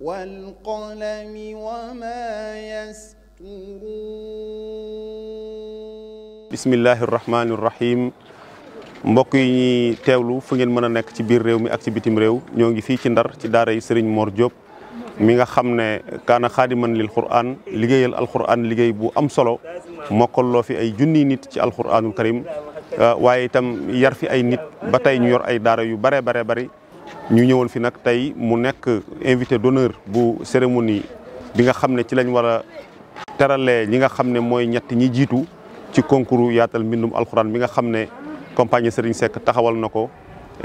والقلم وما يسطرون bismillahi rahmaani rahim mbokk yi ñuy teewlu fu ngeen mën a nekk ci biir réew mi ak ci bitim réew ñoo ngi fii ci ndar ci daara yi Serigne Mor Diop mi nga xam ne kaana xaadiman lil quraan liggéeyal alquraan liggéey bu am solo mokkaloo fi ay junniy nit ci alquraanul karim waaye itam yar fi ay nit ba tey ñu yor ay daara yu bare bare bari ñu ñëwoon fi nag tey mu nekk invité d'honneur bu cérémonie bi nga xam ne ci lañ war a teralee ñi nga xam ne mooy ñett ñi jiitu ci concours yaatal mbindum alxuraan mi nga xam ne compagnie Serigne sekk taxawal na ko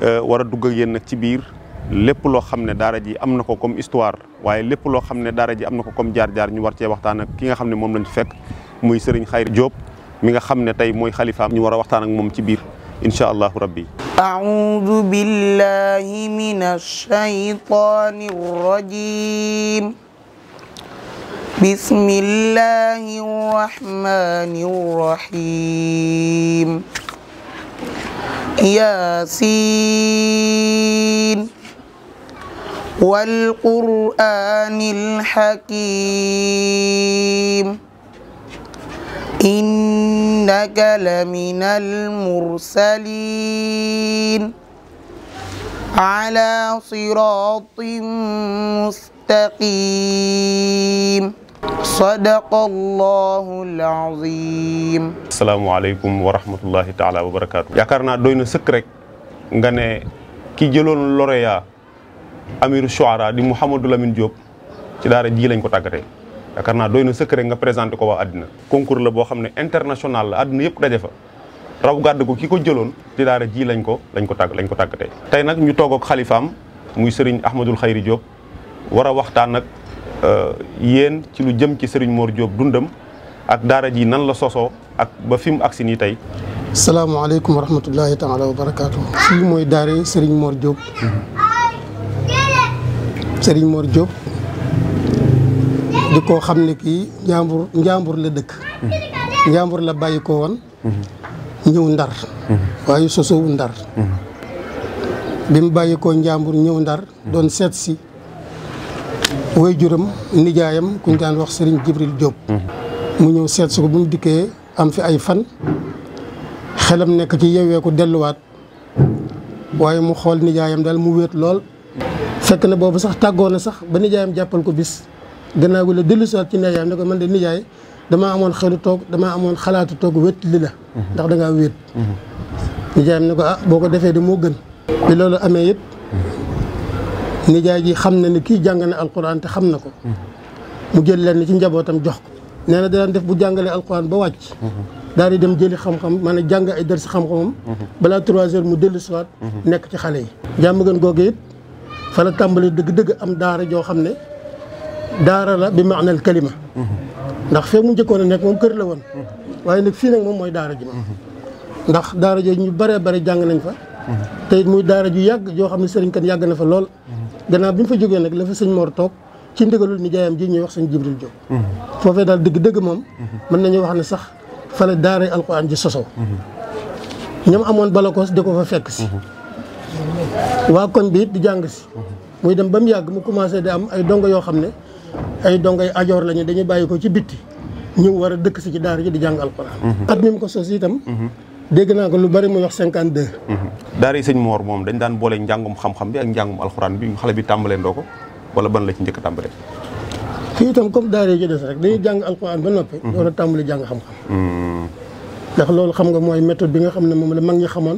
euh, war a dugg ak yéen nag ci biir lépp loo xam ne daara ji am na ko comme histoire waaye lépp loo xam ne daara ji am na ko comme jaar-jaar ñu war cee waxtaan ak ki nga xam ne moom lañ fekk muy seriñ Khayri Diop mi nga xam ne tey mooy xalifaam ñu war a waxtaan ak moom ci biir incha allahu rabbi أعوذ بالله من الشيطان الرجيم بسم الله الرحمن الرحيم ياسين والقرآن الحكيم إن innaka lamina al-mursalin ala siratin mustaqim sadaqallahul azim asalaamualeykum wa rahmatullahi taala wa barakatu yaakaar naa doy na sëkk rek nga ne ki jëloon lauréat amiru shuara di Mouhamadou Lamine Diop ci daara ji lañ ko tàggatee yaakaar naa doy na sëkk nga présenté ko waa àddina concours la boo xam ne international la àddina yëpp daje fa raw gàdd ko ki ko jëloon ci daara ji lañ ko lañ ko tàgg lañ ko tàggatee tey nag ñu toog ak xalifaam muy sëriñ Ahmadul Xayri Diop war a waxtaan nag euh, yéen ci lu jëm ci sëriñ Mor Diop dundam ak daara ji nan la sosoo ak ba fi mu agsi nii tey salaamaaleykum wa rahmatullahi taala wa barakaatu fii mooy daare sëriñ Mor Diop mm-hmm. Mor Diop di ko xam ne kii njàmbur njàmbur la dëkk njàmbur la bàyyi ko woon ñëw ndar waaye sosowu ndar bi mu bàyyi ko njàmbur ñëw ndar doon seet si waajuram nijaayam kuñ daan wax Serigne Jibril Diop mu ñëw seet ko bu mu dikkee am fi ay fan xelam nekk ci yewee ko delluwaat waaye mu xool nijaayam daal mu wéet lool fekk na boobu sax tàggoo na sax ba nijaayam jàppal ko bis gannaaw gi la dellu si ci ci nijaayam ne ko man de nijaay damaa amoon xelu toog dama amoon xalaatu toog wét li la mhm. ndax dangaa wéet mhm. nijaayam na ko ah boo ko defee di moo gën bi loolu amee it mhm. nijaay ji xam na ni kii jàng na alquran te xam na ko mu jël lenn ci njabootam jox ko nee na daan def bu jàngalee alquran ba wàcc daal di dem jëli xam-xam a jàng ay dër si xam-xamam balaa trois heures mu dellu siwaat nekk ci xale yi jàmm gën googu it fa la tàmbali dëgg-dëgg am daara joo xam ne daara la bi maanal kalima ndax fee mu njëkkoon a nekk moom kër la woon waaye nag fii nag moom mooy daara ji moom ndax daara jooju ñu bëree bëri jàng nañ fa te it muy daara ju yàgg yoo xam ne sëriñ kan yàgg na fa lool gannaaw bi mu fa jógee nag la fa sëñ Mor toog ci ndigalul nijaayam ji ñuy wax sëñ Jibril Diop foofee daal dëgg-dëgg moom mën nañu wax ne sax fale daara alquran ji sosoo ñoom amoon balakoos di ko fekk si waa koñ bi di jàng si muy dem ba mu yàgg mu commencé di am ay dongo yoo xam ne ay dongay ajoor lañu dañuy bàyyi ko ci bitti ñu war a dëkk si ci daara ji di jàng alxuraan. Mhm. at mi mu ko sos itam. Mhm. dégg naa ko lu bari muy wax cinquante de mhm. daar yi sëñ Mor moom dañ daan boole njàngum xam-xam bi ak njàngum alxuraan bi xale bi tàmbalee ndoo ko wala ban la ci njëkk a tàmbalee. fii itam comme daara yi ci des rek dañuy jàng ba noppi. war a tàmbali jàng xam-xam. ndax loolu xam nga mooy méthode bi nga xam ne moom la mag ñi xamoon.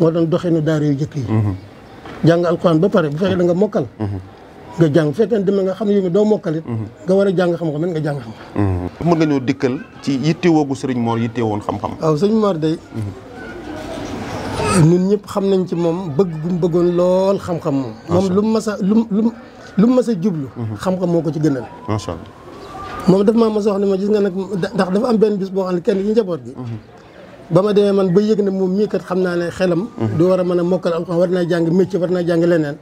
moo doon doxinu daar yu jëkk yi. jàng alxuraan ba pare bu fekkee da nga mokkal. nga jàng fekkee demee nga xam ne yow doo mokkalit nga war a jàng xam-xam nga jàng xam-xam mën nga ñëw dikkal ci yitte woogu sëriñ Mor yitte woon xam-xam waaw sëriñ Mor day ñun ñëpp xam nañ ci moom bëgg bëggoon lool xam-xam moom moom lu mu mas a lu lu lu mu mas a jublu mhm. xam-xam moo ko ci gënal macha allah moom dafa maa mas a wax ne ma gis nga nag ndax dafa am benn bis boo xam ne kenn ci njaboot gi mhm. ba ma demee man ba yëg ne moom mii kat xam naa ne xelam mhm. du war a mën a mokkal alxuraan war naa jàng métier war naa jàng leneen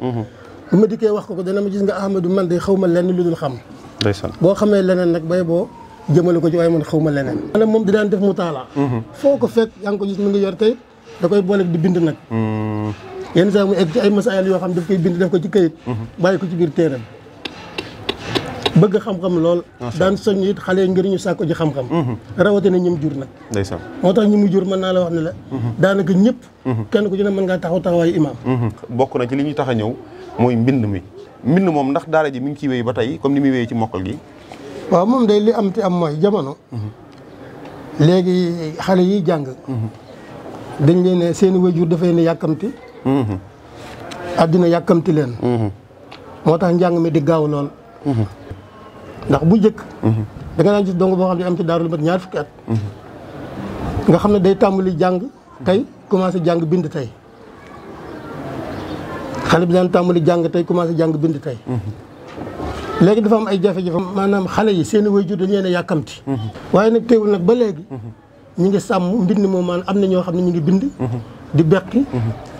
bu ma dikkee wax ko ko dana ma gis nga Ahmadou man de xaw ma lenn lu dul xam. ndeysaan boo xamee leneen nag bay boo jëmale ko ci waaye man xaw ma leneen. maanaam moom di daan def mu taala mhm. foo ko fekk yaa ngi ko gis mu ngi yor kayit da koy boole di bind nag. Mm. yenn saa mu egg yoo xam daf koy bind ko ci kayit. Mhm. bàyyi ko ci biir téeram. bëgg xam lool. daan soññ it xale ngir ñu sàkko ji xam-xam. Mhm. rawatina ñi mu jur nag. ndeysaan moo tax ñi mu jur mën naa la la. daanaka ñëpp. kenn ku ci ne mën ngaa taxaw taxawaayu imaam. bokk na ci li ñu tax a ñëw. mooy mbind mi mbind moom ndax daara ji mi ngi ciy wéy ba tey comme ni muy wéy ci mokkal gi. waaw moom day li am ti am mooy jamono. léegi xale yi jàng. dañ leen seeni seen jur dafa ne yàkkamti. àddina yàkkamti leen. moo tax njàng mi di gaaw lool. ndax bu jëkk da nga naan gis dong boo xam ne am ci daaru ñaar fukki nga xam ne day tàmbali jàng tey commencé jàng bind tey. xale bi daan tàmbali jàng tey commencé jàng bind tey. léegi dafa am ay jafe-jafe maanaam xale yi seen i waajur dañu a yàkkamti. waaye nag teewul nag ba léegi. ñu ngi sàmm mbind moom maanaam am na ñoo xam ne ñu ngi bind. di beqi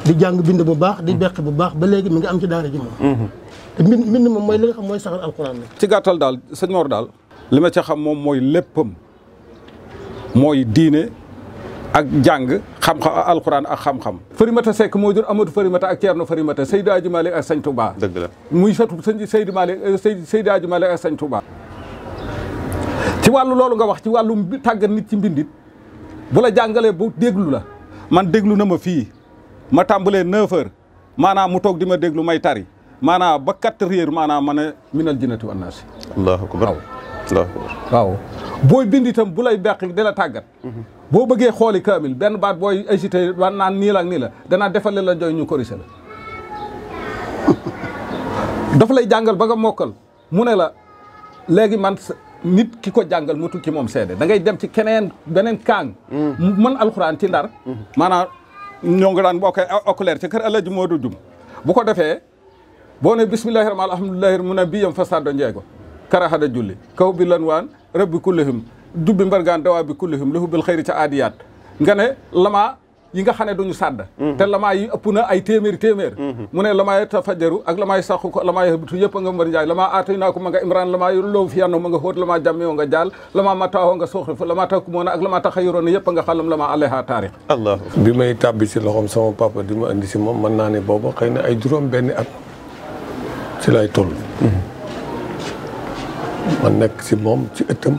di jàng bind bu baax di beqi bu baax ba léegi mi ngi am ci daara ji moom. te mbind mbind moom mooy li nga xam mooy saxal alxuraan la. ci gàttal daal sëñ Mor daal. li ma ca xam moom mooy léppam mooy diine. ak jàng xam-xam alxuraan ak xam-xam Farimata Seck moo jur Amadou Farimata ak Thierno Farimata Seydi Hadji Malick ak Sëñ Touba dëgg la muy satu Seydi Malick euh, Seydi Hadji Malick ak Sëñ Touba ci wàllu loolu nga wax ci wàllu tàggat nit ci mbindit bu la jàngalee bu déglu la man déglu na ma fii ma tàmbalee neuf heures maanaam mu toog di ma déglu may tari maanaam ba quatre heures maanaam man min minal jinnati wan naasi booy bind itam bu lay beq di tàggat mhm. boo bëggee xooli kaamil benn baat booy agité war naan nii la ak nii la danaa defal la jooy ñu corrigé la daf lay jàngal ba nga mokkal mu ne la léegi man nit ki ko jàngal mu tukki moom seede da ngay dem ci keneen beneen kaang mm. mën alxuraan ci ndar mm-hmm. maanaam ñoo ngi daan boo koy oculaire ci kër Alaaji Moodu Jum bu ko defee boo ne bismillahi rahmaan alhamdulillahi mu ne bi yam fasado njeego karaxada julli kaw bi lan waan rabbi kullihim dubbi mbargaan dawaa bi kullihum lahu bil ca aadiyaat nga ne lamaa yi nga xam ne duñu sàdd mhm. te lamaa ëpp na ay téeméer téeméer mhm. mu ne lamaa yi tafajaru ak lamaa yi sàqu ko lamaa yi hëbtu yëpp nga mbar njaay lamaa aatay naa ko ma nga imran lamaa yu loowu fi yanno ma nga xóot lamaa jàmmewo nga jaal lamaa mataawoo nga suuxrifu lamaa takkumoona ak lamaa taxayuroona yëpp a nga xalam lamaa alayha taarix allah bi may tàbbi si loxoom sama papa di ma indi si moom mën naa ne xay xëy ay juróom benn at si lay toll mhm. man nekk si moom ci ëttam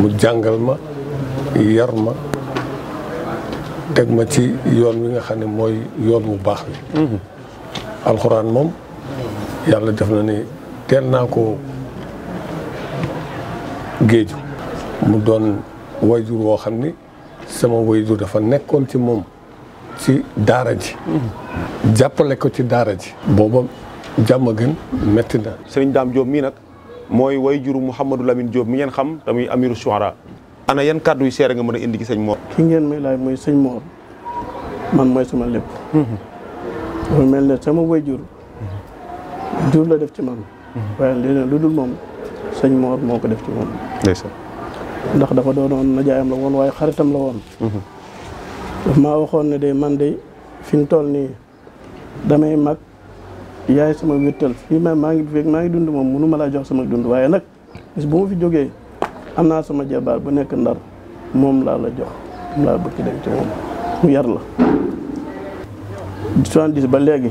mu jàngal ma yar ma teg ma ci yoon wi nga xam ne mooy yoon wu baax wi mhm. alxuraan moom yàlla def na ni teel naa ko géeju mu doon jur woo xam ni sama wayjur dafa nekkoon ci moom ci daara ji mhm. jàppale ko ci daara ji booba jàmm gën metti na sëriñ Daam Jóob mii nag mooy way jur Mouhamadou Lamine Diop mi ngeen xam tamuy amiru shuara ana yan kàddu yu seere nga mën a indi ci sëñ Mor ki ngeen may laaj mooy sëñ Mor man mooy sama lépp mhm. dafa mel ne sama way jur jur la def ci man mhm. waaye lu dul moom sëñ Mor moo ko def ci moom ndax dafa doonoon najaayam la woon waaye xaritam la woon mhm. daf maa waxoon ne day man day fi nii damay mag yaay sama wértal fii ma maa ngi fekk maa ngi dund moom mënu laa jox sama dund waaye nag bis bu fi jógee am naa sama jabaar bu nekk ndar moom laa la jox moom laa bëgg dem ci moom mu yar la. 70 ba léegi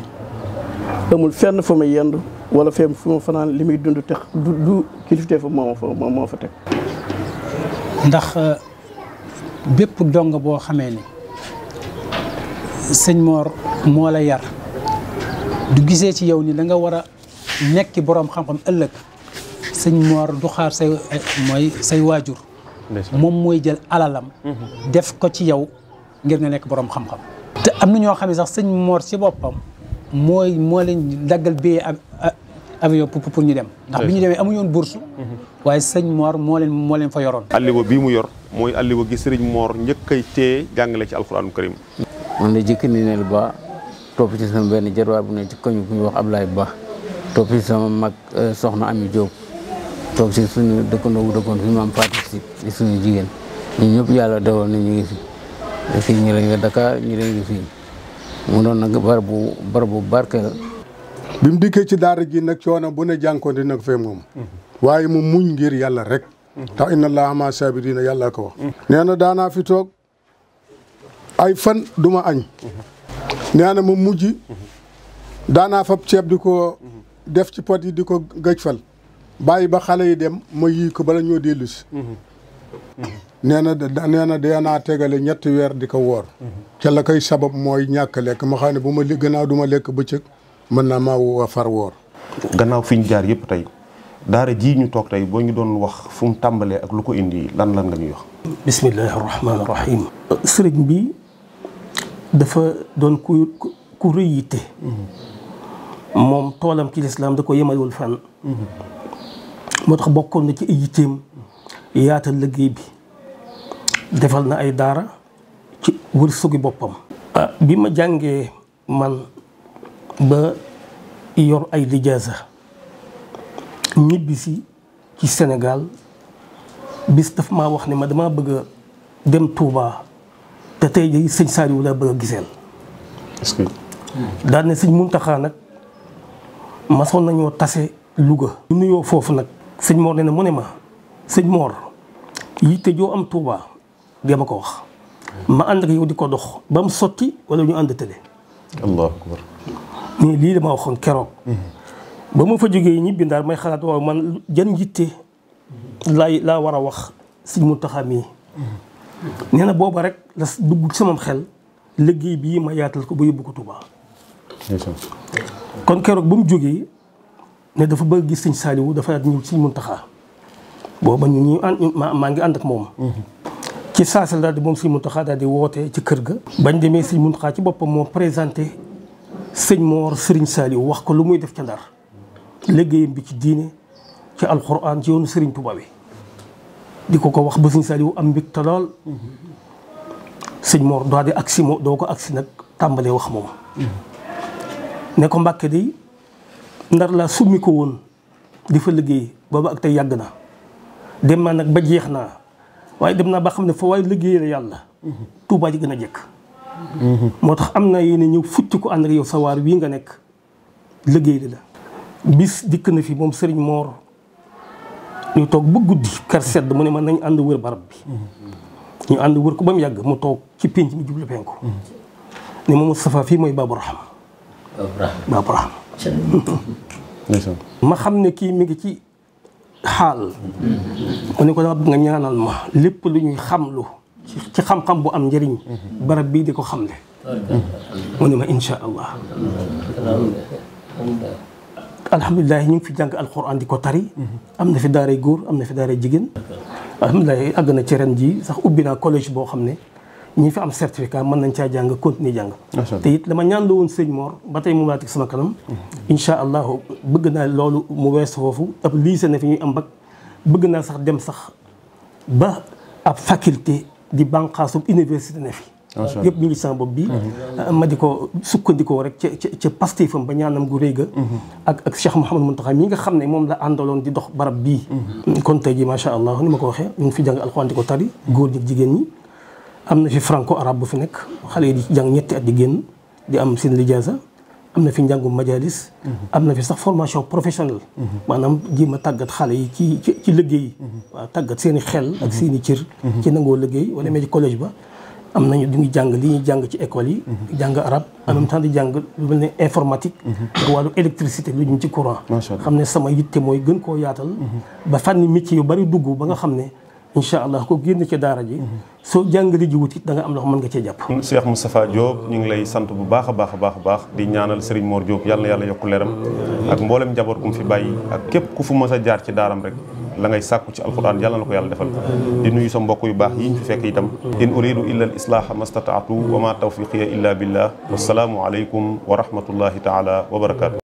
amul fenn fu ma yend wala fenn fu ma fanaan li muy dund te du du kilifte fa moo moo fa teg. ndax euh, bépp dong boo xamee ni sëñ Mor moo la yar. du gisee ci yow ni da nga war a nekki boroom xam-xam ëllëg sëñ Mor du xaar say mooy say waajur moom mooy jël alalam mm-hmm. def ko ci yow ngir nga nekk boroom xam-xam te am na ñoo xam ne sax sëñ Mor ci boppam mooy moo leen daggal billet avion pour ñu dem ndax bi ñu demee amuñoon woon mm-hmm. waaye sëñ moor moo leen moo leen fa yoroon alliwa bii mu yor mooy alliwa gi sëriñ Mor njëkkay tee jàngale ci alxuraanu karim man la jëkk ba topp ci sama benn jarwaay bu ne ci koñ bu ñu wax Ablaye Ba topp ci sama mag euh, soxna Ami Diop toog ci suñu dëkkandoo bu dëkkoon fi maam Fatou si yàlla de na ñu ngi fi fii ñu ngi Dakar ñu ngi fi mu doon nag barab bu barab bu bi mu dikkee ci daara ji nag coono bu ne jànkoon di nag fee moom mhm. mu muñ yàlla rek tax mhm. inna allaha ma sabirina yàlla ko wax mhm. nee fi toog ay fan duma añ nee na ma mujj daanaa fab ceeb di ko def ci pot yi di ko gëj fal bàyyi ba xale yi dem ma yii ko bala ñoo dellu si nee na nee na daanaa tegale ñetti weer di ko woor ca la koy sabab mooy ñàkk lekk ma xam ne bu ma gannaaw du ma lekk bëccëg mën naa ma wa far woor gannaaw fi ñu jaar yëpp tey daara ji ñu toog tey boo ñu doon wax fu mu tàmbalee ak lu ko indi lan lan nga ñuy wax bismillahi rahmaani rahim bi dafa doon ku ku rëy yitte mm-hmm. moom toolam ci lislaam da ko yemalewul fànn mm-hmm. moo tax bokkoon na ci ay yitteem yaatal liggéey bi defal na ay daara ci wërsëgu boppam ah. bi ma jàngee man ba yor ay lijaasa ñibbisi ci Sénégal bis daf ma wax ne ma dama bëgg a dem Touba te tey jii sëñ Saliou laa bëgg a giseel. est-ce que. daan na sëñ Muntaxa nag masoon nañoo tase Louga. ñu nuyoo foofu nag sëñ Mor nee na mu ne ma sëñ moor yitte joo am Touba dee ma ko wax. ma ànd ak yow di ko dox ba mu sotti wala ñu ànd tële. allahu akbar. lii dama waxoon keroog. Mm-hmm. ba ma fa jógee ñibbi ndaar may xalaat waaw man jan yitte laay laa war a wax sëñ Muntaxa mii. Mm-hmm. nee booba rek la dugg ci sama xel liggéey bii ma yaatal ko ba yóbbu ko Touba. kon keroog ba mu jógee ne dafa bëgg gis sëñ Saliou dafa daal ñëw mun taxaa booba ñu ñu ànd maa ngi ànd ak moom. Mm-hmm. ci saasal daal di moom sëñ Muntaxa daal di woote ci kër ga. bañ demee sëñ Muntaxa ci boppam moo présenté sëñ moo Mor sëriñ Saliou wax ko lu muy def ca ndar léggéeyam bi ci diine ci alxuraan ci yoonu sëriñ Touba bi. di ko ko wax ba sëñ Saliou am mbégte lool sëñ Mor doo di agsi moo doo ko agsi nag tàmbalee wax moom ne ko Mbàkke di ndar laa summi ko woon di fa liggéey booba ak te yàgg na dem naa nag ba jeex naa waaye dem naa ba xam ne fa waaye liggéey la yàlla Tuubaa ji gën a jekk moo tax am na yéene ñëw futti ko ànd ak yow sawaar wii nga nekk liggéey li la bis dikk na fi moom sëriñ Mor ñuy toog ba guddi kar sedd mu ne man nañ ànd wër barab bi ñu ànd wër ko ba mu yàgg mu toog ci pénc mi jublu penku ne ma Moustapha fii mooy Babou Raham ma xam ne kii mi ngi ci xaal mu ne ko dama nga ñaanal ma lépp lu ñuy xamlu ci xam-xam bu am njëriñ barab bii di ko xamle mu ne ma insha allah alhamdulilah ñu ngi fi jàng alxuraan di ko tari. am na fi daaray góor am na fi daaray jigéen. alhamdulilah àgg na ci ren ji sax ubbi naa collège boo xam ne ñu fi am certificat mën nañ caa jàng continuer jàng. te it dama ñaan woon sëñ Mor ba tey mu laati sama kanam. incha allah bëgg naa loolu mu wees foofu ab lycée na fi ñuy am bac bëgg naa sax dem sax ba ab faculté di bànqaasu université na fi. yëpp ñu ngi sama bopp bi mhm. ma di ko sukkandikoo rek ca ca ca ba ñaanam gu réy ga mhm. ak ak Cheikh Mouhamadou Mountakha mi nga xam ne moom la àndaloon di dox barab bii mhm. kon tey ji macha allah ni ma ko waxee ñu ngi fi jàng alxuraan ko tari góor ñi jigéen ñi na fi franco arabe bu fi nekk xale yi di jàng ñetti at di génn di am seen lijaasa am na fi njàngum majalis am na fi sax formation professionnelle maanaam jéem ma taggat xale yi ci ci liggéey waaw seen i xel ak seen i cër ci nangoo liggéey wala mee ci collège ba am nañu du ñu jàng li ñuy jàng ci école yi. Mhm. jàng arab en même di jàng lu mel ne informatique. ak mhm. wàllu électricité lu ñu ci courant. xam ne sama yitte mooy gën koo yaatal. Mhm. ba fànni métier yu bari dugg ba nga xam ne. incha allah ko génn ci daara ji. soo jàngalee ji wutit da nga am loo xam mën nga cee jàpp. Mm, Cheikh Moustapha Diop ñu ngi lay sant bu baax a baax a baax a baax di ñaanal Serigne Mor Diop yàlla na yàlla yokk leeram ak mboolem njaboot ku mu fi bàyyi ak képp ku fu mës a jaar ci daaram rek. la ngay sàkku ci alquran yàlla na ko yàlla defal di nuyu sa mbokk yu baax yi ñu fi fekk itam in uridu illa al islaaha mastataatu wa ma tawfiqiya illa billah wassalaamu aleykum wa rahmatullahi taala wa barakatu